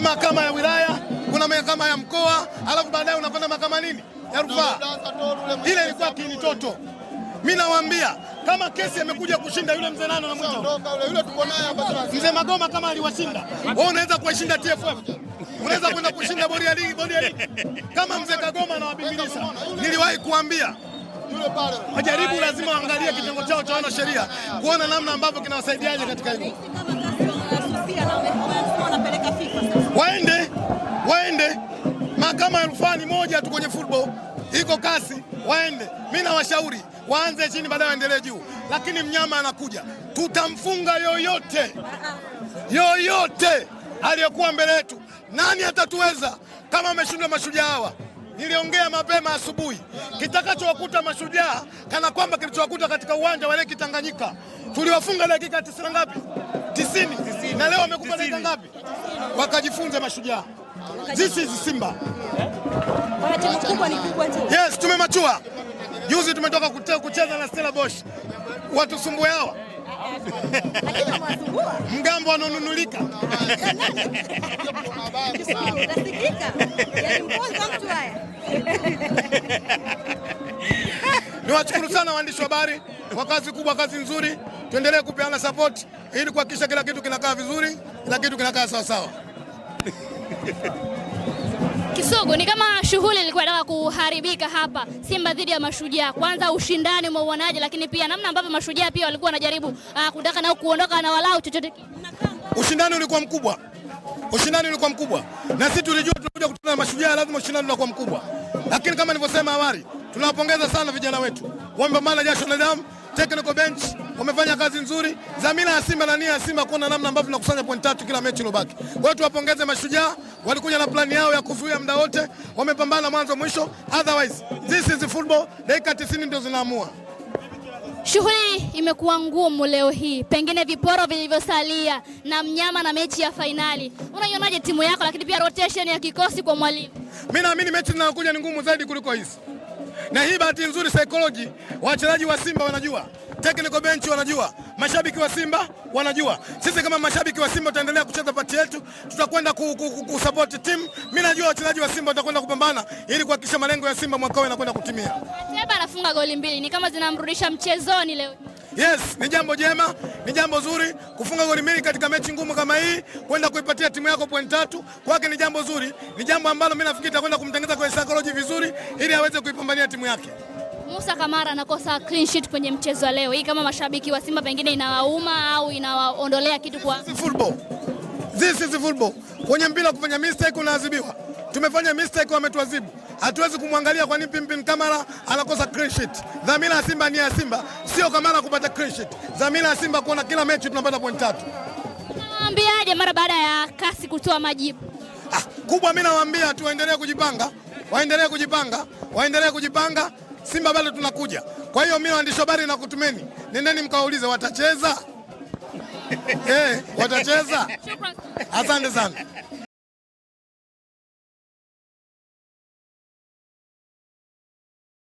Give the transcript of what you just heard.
mahakama ya wilaya, kuna mahakama ya mkoa, alafu baadaye unapanda mahakama nini ya rufaa. Ile ilikuwa toto. Mimi nawaambia kama kesi amekuja kushinda yule mzee nano na mwingine mzee Magoma, kama aliwashinda wewe, unaweza kuishinda TFF, unaweza kwenda kushinda bodi ya ligi, bodi ya ligi kama mzee Kagoma anawabingilisha. Niliwahi kuambia wajaribu, lazima waangalie kitengo chao cha wana sheria kuona namna ambavyo kinawasaidiaje katika hilo waende waende mahakama ya moja tu kwenye football iko kasi, waende. Mimi nawashauri waanze chini, baadaye waendelee juu, lakini mnyama anakuja, tutamfunga yoyote yoyote aliyokuwa mbele yetu. Nani atatuweza kama ameshindwa mashujaa hawa? niliongea mapema asubuhi, kitakachowakuta mashujaa kana kwamba kilichowakuta katika uwanja wa Lake Tanganyika. Tuliwafunga dakika tisini ngapi? Tisini. Na leo wamekupa dakika ngapi? Wakajifunze mashujaa, this is Simba. Yes, tumemachua. Juzi tumetoka kucheza na Stella Bosch, watusumbue hawa mgambo wanaonunulika Niwashukuru sana waandishi wa habari kwa kazi kubwa, kazi nzuri. Tuendelee kupeana support ili kuhakikisha kila kitu kinakaa vizuri, kila kitu kinakaa sawa sawa. Kisugu, ni kama shughuli ilikuwa inataka kuharibika hapa, Simba dhidi ya Mashujaa. Kwanza ushindani umeuonaje, lakini pia namna ambavyo Mashujaa pia walikuwa wanajaribu ah, kutaka nao kuondoka na walau chochote. Ushindani ulikuwa mkubwa Ushindani ulikuwa mkubwa, na sisi tulijua tunakuja kutana na mashujaa, lazima ushindani unakuwa mkubwa. Lakini kama nilivyosema awali, tunawapongeza sana vijana wetu, wamepambana jasho na damu. Technical bench wamefanya kazi nzuri, dhamira ya Simba na nia ya Simba kuona namna ambavyo tunakusanya point tatu kila mechi iliyobaki. Kwa hiyo tuwapongeze mashujaa, walikuja na plani yao ya kuzuia muda wote, wamepambana mwanzo mwisho. Otherwise this is football, dakika 90 ndio zinaamua. Shughuli imekuwa ngumu leo hii, pengine viporo vilivyosalia na mnyama na mechi ya fainali. Unaionaje timu yako, lakini pia rotation ya kikosi kwa mwalimu? Mimi naamini mechi zinayokuja ni ngumu zaidi kuliko hizi, na hii bahati nzuri saikoloji wachezaji wa Simba wanajua, technical bench wanajua, mashabiki wa Simba wanajua. Sisi kama mashabiki wa Simba tutaendelea kucheza pati yetu, tutakwenda kusupport timu. Mimi najua wachezaji wa Simba watakwenda kupambana ili kuhakikisha malengo ya Simba mwaka huu yanakwenda kutimia. Deba anafunga goli mbili, ni kama zinamrudisha mchezoni leo. Yes, ni jambo jema, ni jambo zuri kufunga goli mbili katika mechi ngumu kama hii, kwenda kuipatia timu yako point tatu kwake ni jambo zuri, ni jambo ambalo mimi nafikiri itakwenda kumtengeneza kwa psychology vizuri, ili aweze kuipambania timu yake. Musa Kamara anakosa clean sheet kwenye mchezo wa leo hii, kama mashabiki wa Simba pengine inawauma au inawaondolea kitu kwa This is football. This is football. Kwenye mpira kufanya mistake unaadhibiwa. Tumefanya mistake, wametuadhibu hatuwezi kumwangalia kwa nini Pimpin Kamara anakosa clean sheet. Dhamira ya Simba ni ya Simba, sio Kamara kupata clean sheet. Dhamira ya Simba kuona kila mechi tunapata point tatu. Nawaambiaje mara baada ya kasi kutoa majibu ah, kubwa, mimi nawaambia tu waendelee kujipanga, waendelee kujipanga, waendelee kujipanga. Simba bado tunakuja. Kwa hiyo mimi waandishi habari na kutumeni, nendeni mkaulize watacheza. Eh, watacheza. Asante sana.